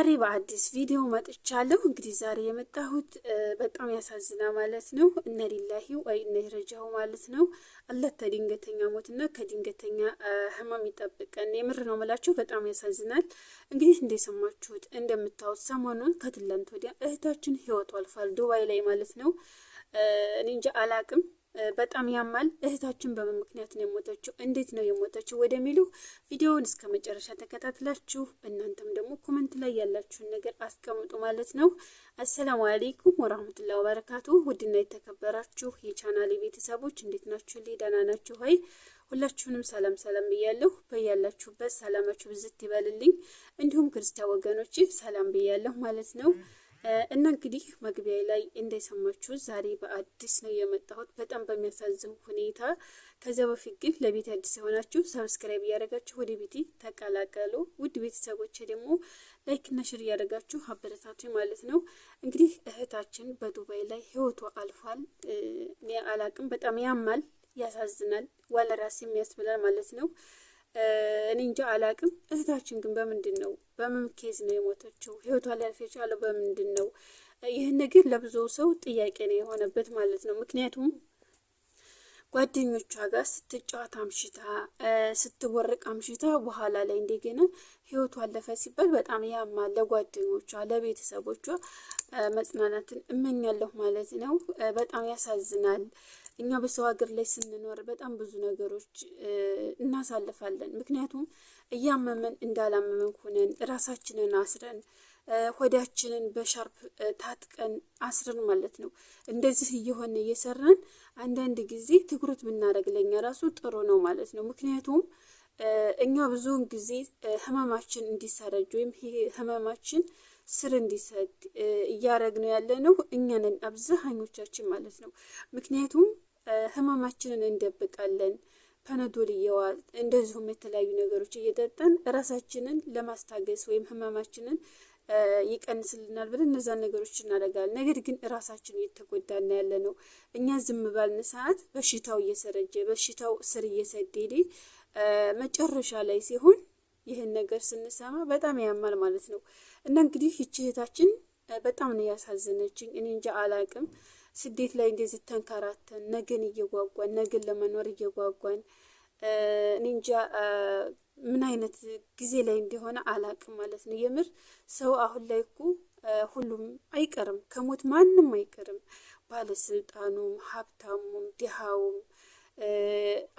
ዛሬ በአዲስ ቪዲዮ መጥቻለሁ። እንግዲህ ዛሬ የመጣሁት በጣም ያሳዝና ማለት ነው። እነ ሊላሂ ወይ እነ ረጃው ማለት ነው። አላህ ከድንገተኛ ሞትና ከድንገተኛ ህመም ይጠብቀን። የምር ነው ምላችሁ፣ በጣም ያሳዝናል። እንግዲህ እንደሰማችሁት እንደምታዩት ሰሞኑን ከትላንት ወዲያ እህታችን ህይወቱ አልፏል፣ ዱባይ ላይ ማለት ነው። እኔ እንጃ አላቅም በጣም ያማል። እህታችን በምን ምክንያት ነው የሞተችው? እንዴት ነው የሞተችው? ወደሚሉ ቪዲዮውን እስከ መጨረሻ ተከታትላችሁ እናንተም ደግሞ ኮመንት ላይ ያላችሁን ነገር አስቀምጡ ማለት ነው። አሰላሙ አሌይኩም ወራህመቱላ ወበረካቱ። ውድና የተከበራችሁ የቻናሌ ቤተሰቦች እንዴት ናችሁ? ደህና ናችሁ ሆይ? ሁላችሁንም ሰላም ሰላም ብያለሁ። በያላችሁበት ሰላማችሁ ብዝት ይበልልኝ። እንዲሁም ክርስቲያን ወገኖች ሰላም ብያለሁ ማለት ነው። እና እንግዲህ መግቢያ ላይ እንደሰማችሁ ዛሬ በአዲስ ነው የመጣሁት በጣም በሚያሳዝን ሁኔታ። ከዚያ በፊት ግን ለቤት አዲስ የሆናችሁ ሰብስክራይብ እያደረጋችሁ ወደ ቤቴ ተቀላቀሉ። ውድ ቤተሰቦች ደግሞ ላይክና ሽር እያደረጋችሁ አበረታቱ ማለት ነው። እንግዲህ እህታችን በዱባይ ላይ ህይወቱ አልፏል። እኔ አላቅም። በጣም ያማል፣ ያሳዝናል፣ ዋለ ራስ የሚያስብላል ማለት ነው። እኔ እንጃ አላቅም። እህታችን ግን በምንድን ነው በምን ኬዝ ነው የሞተችው? ህይወቷ ሊያልፍ የቻለው በምንድን ነው? ይህን ነገር ለብዙ ሰው ጥያቄ ነው የሆነበት ማለት ነው። ምክንያቱም ጓደኞቿ ጋር ስትጫወት አምሽታ ስትወርቅ አምሽታ በኋላ ላይ እንደገና ህይወቱ አለፈ ሲባል በጣም ያማ ለጓደኞቿ ለቤተሰቦቿ መጽናናትን እመኛለሁ ማለት ነው። በጣም ያሳዝናል። እኛ በሰው ሀገር ላይ ስንኖር በጣም ብዙ ነገሮች እናሳልፋለን። ምክንያቱም እያመመን እንዳላመመን ሆነን ራሳችንን አስረን ሆዳችንን በሻርፕ ታጥቀን አስረን ማለት ነው። እንደዚህ እየሆነ እየሰራን አንዳንድ ጊዜ ትኩረት ብናደርግ ለኛ ራሱ ጥሩ ነው ማለት ነው። ምክንያቱም እኛ ብዙውን ጊዜ ህመማችን እንዲሰረጅ ወይም ህመማችን ስር እንዲሰድ ነው ያለ ነው እኛንን አብዛኞቻችን ማለት ነው። ምክንያቱም ህመማችንን እንደብቃለን ፓናዶል እየዋጥ እንደዚሁም የተለያዩ ነገሮች እየጠጠን ራሳችንን ለማስታገስ ወይም ህመማችንን ይቀንስልናል ብለን እነዛን ነገሮች እናደርጋለን። ነገር ግን ራሳችን እየተጎዳና ያለ ነው። እኛ ዝም ባልን ሰዓት በሽታው እየሰረጀ በሽታው ስር እየሰደደ መጨረሻ ላይ ሲሆን ይህን ነገር ስንሰማ በጣም ያማል ማለት ነው። እና እንግዲህ ይቺ እህታችን በጣም ነው ያሳዘነችኝ። እኔ እንጃ አላቅም። ስደት ላይ እንደዚህ ተንከራተን ነገን እየጓጓን ነገን ለመኖር እየጓጓን እኔ እንጃ ምን አይነት ጊዜ ላይ እንደሆነ አላቅም ማለት ነው። የምር ሰው አሁን ላይ እኮ ሁሉም አይቀርም ከሞት ማንም አይቀርም። ባለስልጣኑም፣ ሀብታሙም፣ ድሃውም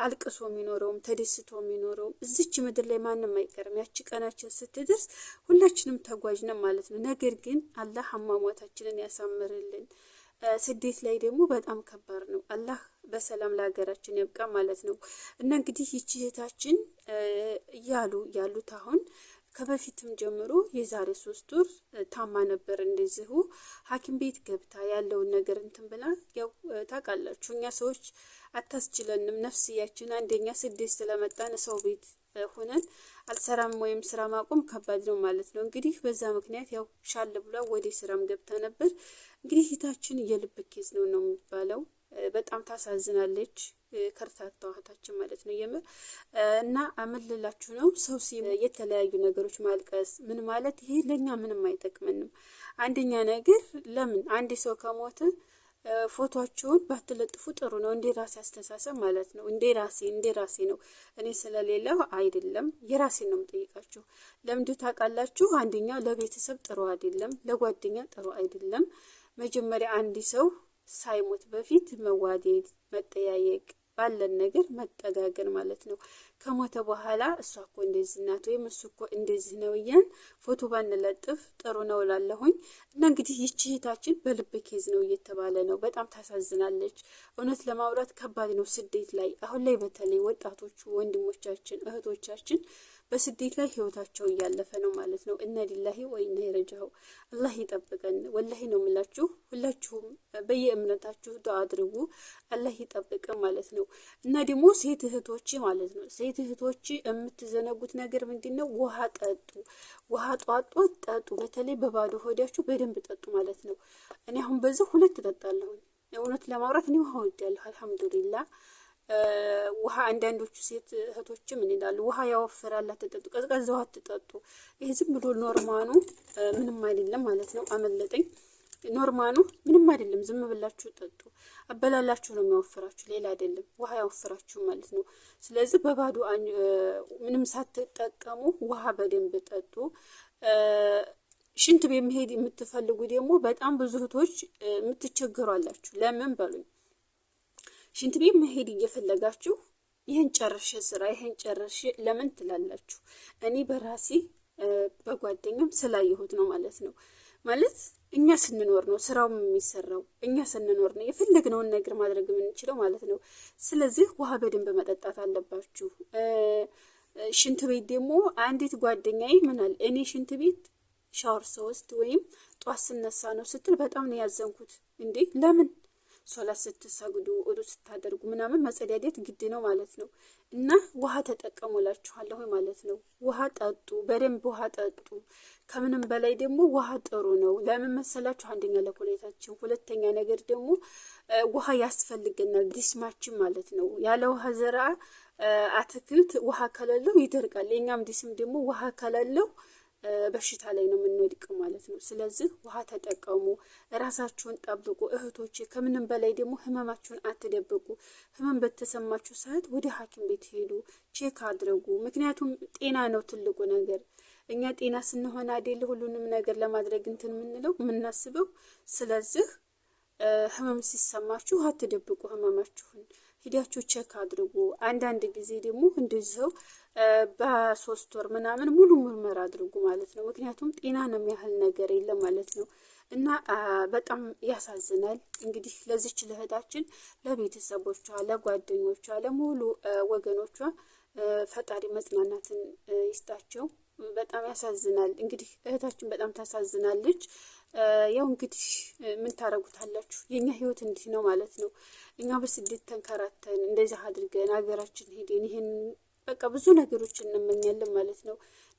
አልቅሶ የሚኖረውም ተደስቶ የሚኖረውም እዚች ምድር ላይ ማንም አይቀርም። ያቺ ቀናችን ስትደርስ ሁላችንም ተጓዥ ነን ማለት ነው። ነገር ግን አላህ አሟሟታችንን ያሳምርልን። ስደት ላይ ደግሞ በጣም ከባድ ነው። አላህ በሰላም ለሀገራችን ያብቃ ማለት ነው እና እንግዲህ ይቺ እህታችን እያሉ ያሉት አሁን ከበፊትም ጀምሮ የዛሬ ሶስት ወር ታማ ነበር። እንደዚሁ ሐኪም ቤት ገብታ ያለውን ነገር እንትን ብላ ያው ታውቃላችሁ፣ እኛ ሰዎች አታስችለንም። ነፍስያችን አንደኛ ስደት ስለመጣን ሰው ቤት ሆነን አልሰራም ወይም ስራ ማቆም ከባድ ነው ማለት ነው። እንግዲህ በዛ ምክንያት ያው ሻል ብሏ ወደ ስራም ገብታ ነበር። እንግዲህ ሂታችን የልብ ኬዝ ነው ነው የሚባለው። በጣም ታሳዝናለች። ከርታታ ማለት ነው የምር እና አመልላችሁ ነው ሰው ሲ የተለያዩ ነገሮች ማልቀስ ምን ማለት ይሄ ለእኛ ምንም አይጠቅምንም። አንደኛ ነገር ለምን አንድ ሰው ከሞተ ፎቶቸውን ባትለጥፉ ጥሩ ነው። እንዴ ራሴ አስተሳሰብ ማለት ነው። እንዴ ራሴ እንዴ ራሴ ነው እኔ ስለሌለው አይደለም፣ የራሴ ነው የምጠይቃችሁ። ለምንድ ታውቃላችሁ? አንደኛ ለቤተሰብ ጥሩ አይደለም፣ ለጓደኛ ጥሩ አይደለም። መጀመሪያ አንድ ሰው ሳይሞት በፊት መዋደድ፣ መጠያየቅ ባለን ነገር መጠጋገን ማለት ነው። ከሞተ በኋላ እሷ እኮ እንደዚህ ናት ወይም እሱ እኮ እንደዚህ ነው እያን ፎቶ ባንለጥፍ ጥሩ ነው ላለሁኝ እና እንግዲህ ይቺ እህታችን በልብ ኬዝ ነው እየተባለ ነው። በጣም ታሳዝናለች። እውነት ለማውራት ከባድ ነው ስደት ላይ አሁን ላይ በተለይ ወጣቶቹ ወንድሞቻችን እህቶቻችን በስደት ላይ ህይወታቸው እያለፈ ነው ማለት ነው። እነ ሊላሂ ወይ ነረጃው አላህ ይጠብቀን። ወላሂ ነው የምላችሁ ሁላችሁም በየእምነታችሁ ዱዓ አድርጉ። አላህ ይጠብቅ ማለት ነው። እና ደግሞ ሴት እህቶች ማለት ነው ሴት እህቶች የምትዘነጉት ነገር ምንድን ነው? ውሃ ጠጡ። ውሃ ጧጧ ጠጡ። በተለይ በባዶ ሆዳችሁ በደንብ ጠጡ ማለት ነው። እኔ አሁን በዚህ ሁለት እጠጣለሁ። እውነት ለማውራት እኔ ውሃ ወዳለሁ። አልሐምዱሊላ ውሃ አንዳንዶቹ ሴት እህቶችም ምን ይላሉ? ውሃ ያወፍራል፣ አትጠጡ፣ ቀዝቃዛ ውሃ አትጠጡ። ይህ ዝም ብሎ ኖርማኑ ምንም አይደለም ማለት ነው። አመለጠኝ ኖርማኑ ምንም አይደለም። ዝም ብላችሁ ጠጡ። አበላላችሁ ነው የሚያወፍራችሁ፣ ሌላ አይደለም። ውሃ ያወፍራችሁ ማለት ነው። ስለዚህ በባዶ ምንም ሳትጠቀሙ ውሃ በደንብ ጠጡ። ሽንት ቤት መሄድ የምትፈልጉ ደግሞ በጣም ብዙ እህቶች የምትቸገሩ አላችሁ። ለምን በሉኝ፣ ሽንት ቤት መሄድ እየፈለጋችሁ ይህን ጨረሸ ስራ ይህን ጨረሸ ለምን ትላላችሁ? እኔ በራሴ በጓደኛም ስላየሁት ነው ማለት ነው። ማለት እኛ ስንኖር ነው ስራውም የሚሰራው። እኛ ስንኖር ነው የፈለግነውን ነገር ማድረግ የምንችለው ማለት ነው። ስለዚህ ውሃ በደንብ መጠጣት አለባችሁ። ሽንት ቤት ደግሞ አንዲት ጓደኛዬ ምናል እኔ ሽንት ቤት ሻወር ስወስድ ወይም ጧት ስነሳ ነው ስትል በጣም ነው ያዘንኩት። እንዴ ለምን ሶላት ስትሰግዱ እዱ ስታደርጉ ምናምን መጸዳደት ግድ ነው ማለት ነው። እና ውሃ ተጠቀሙላችኋለሁ ማለት ነው። ውሃ ጠጡ፣ በደንብ ውሃ ጠጡ። ከምንም በላይ ደግሞ ውሃ ጥሩ ነው። ለምን መሰላችሁ? አንደኛ ለኩላሊታችን፣ ሁለተኛ ነገር ደግሞ ውሃ ያስፈልገናል ዲስማችን ማለት ነው። ያለ ውሃ ዘራ አትክልት ውሃ ከሌለው ይደርቃል። የኛም ዲስም ደግሞ ውሃ ከሌለው በሽታ ላይ ነው የምንወድቅ ማለት ነው። ስለዚህ ውሃ ተጠቀሙ፣ ራሳችሁን ጠብቁ እህቶቼ። ከምንም በላይ ደግሞ ህመማችሁን አትደብቁ። ህመም በተሰማችሁ ሰዓት ወደ ሐኪም ቤት ሄዱ፣ ቼክ አድረጉ። ምክንያቱም ጤና ነው ትልቁ ነገር። እኛ ጤና ስንሆን አደል ሁሉንም ነገር ለማድረግ እንትን የምንለው የምናስበው። ስለዚህ ህመም ሲሰማችሁ አትደብቁ ህመማችሁን ሂዳችሁ ቼክ አድርጉ። አንዳንድ ጊዜ ደግሞ እንደዚው በሶስት ወር ምናምን ሙሉ ምርመራ አድርጉ ማለት ነው። ምክንያቱም ጤናን የሚያህል ነገር የለም ማለት ነው እና በጣም ያሳዝናል። እንግዲህ ለዚች ልህታችን ለቤተሰቦቿ፣ ለጓደኞቿ፣ ለሙሉ ወገኖቿ ፈጣሪ መጽናናትን ይስጣቸው። በጣም ያሳዝናል። እንግዲህ እህታችን በጣም ታሳዝናለች። ያው እንግዲህ ምን ታደረጉታላችሁ የእኛ ህይወት እንዲህ ነው ማለት ነው። እኛ በስደት ተንከራተን እንደዚህ አድርገን ሀገራችን ሄደን ይህን በቃ ብዙ ነገሮች እንመኛለን ማለት ነው።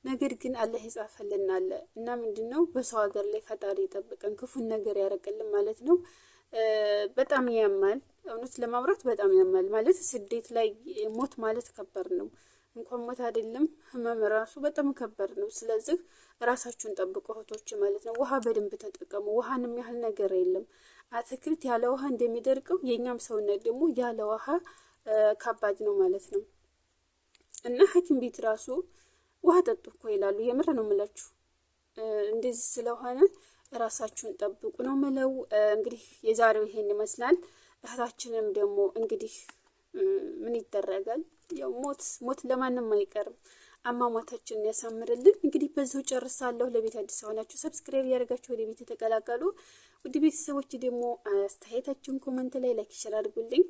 ነገር ግን አላህ የጻፈልን አለ እና ምንድን ነው በሰው ሀገር ላይ ፈጣሪ የጠበቀን ክፉን ነገር ያረቀልን ማለት ነው። በጣም ያማል፣ እውነት ለማውራት በጣም ያማል ማለት ስደት ላይ ሞት ማለት ከበር ነው። እንኳን ሞት አይደለም ህመም ራሱ በጣም ከበር ነው። ስለዚህ ራሳችሁን ጠብቁ እህቶች ማለት ነው። ውሃ በደንብ ተጠቀሙ። ውሃንም ያህል ነገር የለም። አትክልት ያለ ውሃ እንደሚደርቀው የእኛም ሰውነት ደግሞ ያለ ውሃ ከባድ ነው ማለት ነው። እና ሐኪም ቤት ራሱ ውሃ ጠጡ እኮ ይላሉ። የምር ነው የምላችሁ። እንደዚህ ስለሆነ ራሳችሁን ጠብቁ ነው ምለው። እንግዲህ የዛሬው ይሄን ይመስላል። እህታችንም ደግሞ እንግዲህ ምን ይደረጋል ያው ሞት ሞት ለማንም አይቀርም። አሟሟታችንን ያሳምርልን። እንግዲህ በዚሁ ጨርሳለሁ። ለቤት አዲስ ሆናችሁ ሰብስክራይብ ያደርጋችሁ ወደ ቤት የተቀላቀሉ ውድ ቤተሰቦች ደግሞ አስተያየታችሁን ኮመንት ላይ ላይክ ሸር አድርጉልኝ።